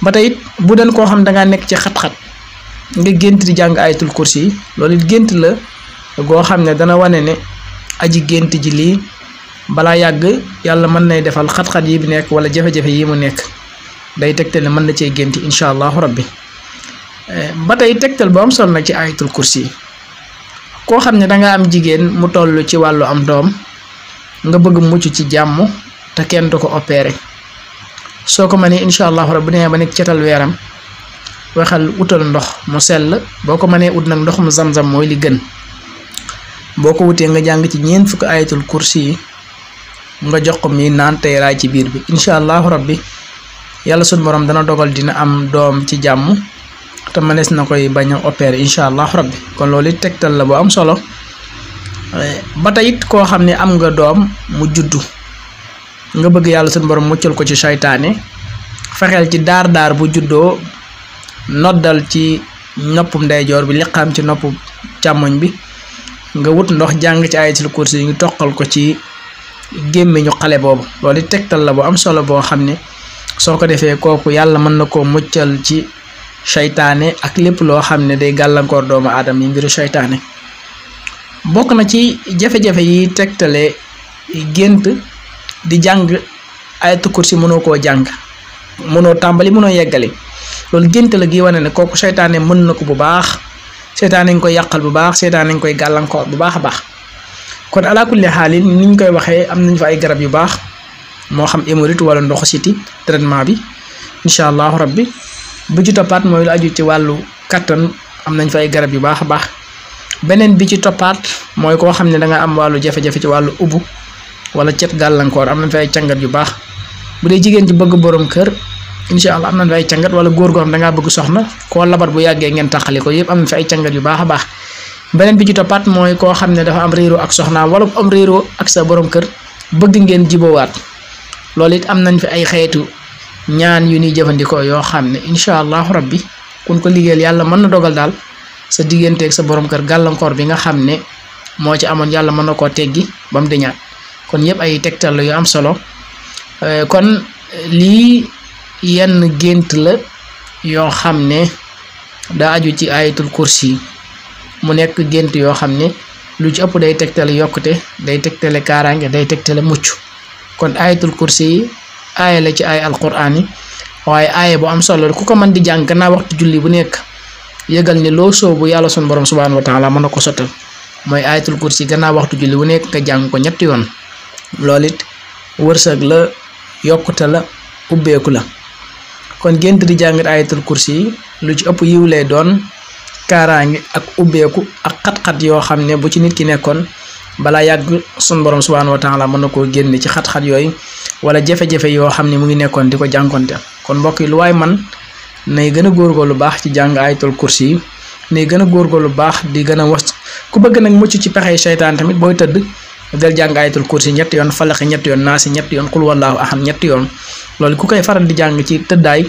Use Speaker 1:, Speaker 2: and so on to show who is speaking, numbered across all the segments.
Speaker 1: ba it bu den ko xam da nga nekk ci xat-xat nga genti di jang ayatul kursi loolu it gént la go xamne dana wane ne aji genti ji li bala yag yalla man nay defal xat-xat yi bi nek wala jafé jafé yi mu nek day tektel man na cee genti inshallah rabbi ba tey tektel bu am solo na ci ayatul kursi ko xamne da danga am jigen mu tollu ci walu am dom nga bëgg muccu ci jamm ta kenn du ko opérer soo ko mënee incha allahu rabi bu nee ba nekk cetal weeram waxal utal ndox mu sell boo ko mënee ut nag ndox mu zam-zam mooy li gën boo ko wutee nga jàng ci ñeent fukk ayatul kursi yi nga jox ko mi naan tey raay ci biir bi incha allahu rabbi yàlla sunu borom dana dogal dina am doom ci jàmm te mënees na koy bañ a opérer incha allahu rabbi kon loolu tegtal la bu am solo eh, ba tey it koo xam ne am nga doom mu juddu. nga bëgg yàlla suñu borom muccal ko ci saytaane fexeel ci daar daar bu juddoo noddal ci noppum ndeyjoor bi liqaam ci noppu càmmooñ bi nga wut ndox jàng ci ayatul kursi yi ngi toqal ko ci gémmiñu xale boobu loolu tegtal la bu am solo boo xam ne soo ko defee kooku yàlla mën na koo muccal ci seytaane ak lépp loo xam ne day gàllankoor doomu aadama yi mbiru seytaane bokk na ci jafe-jafe yi tegtale gént di jang ayatul kursi mëno ko jang mëno tambali mëno yeggale lol gënt la gi wone né koku shaytané mën nako bu baax shaytané koy yakal bu baax shaytané ngoy galankor bu baax baax kon ala kulli halin niñ koy waxé am nañ fa ay garab yu baax mo xam émorite wala ndox siti traitement bi inshallah rabbi bu ci topat moy la aju ci walu katan am nañ fa ay garab yu baax baax benen bi ci topat moy ko xamne da nga am walu jafé jafé ci walu ubu wala cet galankor amna fay ciangat yu bax budé jigen ci bëgg borom kër insha allah fay ciangat wala gor gor da nga bëgg soxna ko labar bu yagge ngeen taxali ko yépp amna fay ciangat yu baax bax benen bi ci topat moy ko xamné dafa am réeroo ak soxna wala am réeroo ak sa borom kër bëgg ngeen jibo wat lolit amnañ fi ay ñaan yu ni yo inshallah rabbi kun ko liggéeyal yalla mën na dogal dal sa digganteeg sa borom kër galankor bi nga xam mo ci amon yalla mën na teggi ba kon yeb ay tektal yu am solo eh, kon li yenn gént la yo xamne da aju ci ayatul kursi mu nek gént yo xamne lu ci ëpp day tektal yokute day tektal karange day tektal muccu kon ayatul kursi yi la ci ay alquran yi aya bu am solo ku ko man di jang na waxtu julli bu yegal ni lo so bu yalla sun borom subhanahu wa taala man ko sotal moy ayatul kursi gannaaw waxtu julli bu nekk ka jang ko ñetti yoon loolu it wërsëg la yokkute la ubbeeku la kon gént di jàngat ayatul kursi yi lu ci ëpp yiw lay doon kaaraange ak ubbeeku ak xat-xat yoo xam ne bu ci nit ki nekkoon balaa yàgg sun borom subhaanahu wa taala mën na koo génne ci xat-xat yooyu wala jafe-jafe yoo xam ne mu ngi nekkoon di ko jànkonte kon mbokk yi lu waaye man nay góor a lu baax ci jàng ayatul kursi yi nay gën a lu baax di gën a was ku bëgg nag mucc ci pexey seytaan tamit booy tëdd del jàng ayatul kursi ñet yon falakh ñet yon nas ñet yon qul wallahu ahad ñet yon loolu ku kay faral di jang ci tedday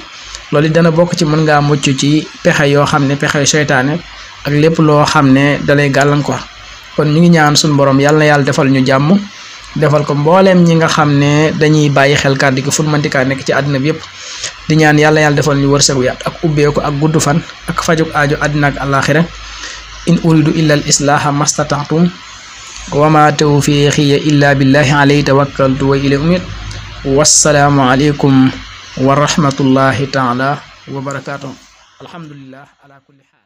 Speaker 1: loolu dana bok ci mën nga muccu ci pexe yo xam ne shaytané ak lepp lo xam dalay galan quoi kon ñu ngi ñaan suñu borom yalla yalla defal ñu jamm defal ko mbollem ñi nga xam dañuy bayyi xel kàddu gi fu mën ka nek ci aduna bi yépp di ñaan yalla yalla defal ñu wërsëgu yaat ak ko ak guddu fan ak fajuk aajo àddina ak alakhirah in uridu illa al islaha mastata'tum وما توفيقي إلا بالله عليه توكلت وإلى أمير والسلام عليكم ورحمة الله تعالى وبركاته الحمد لله على كل حال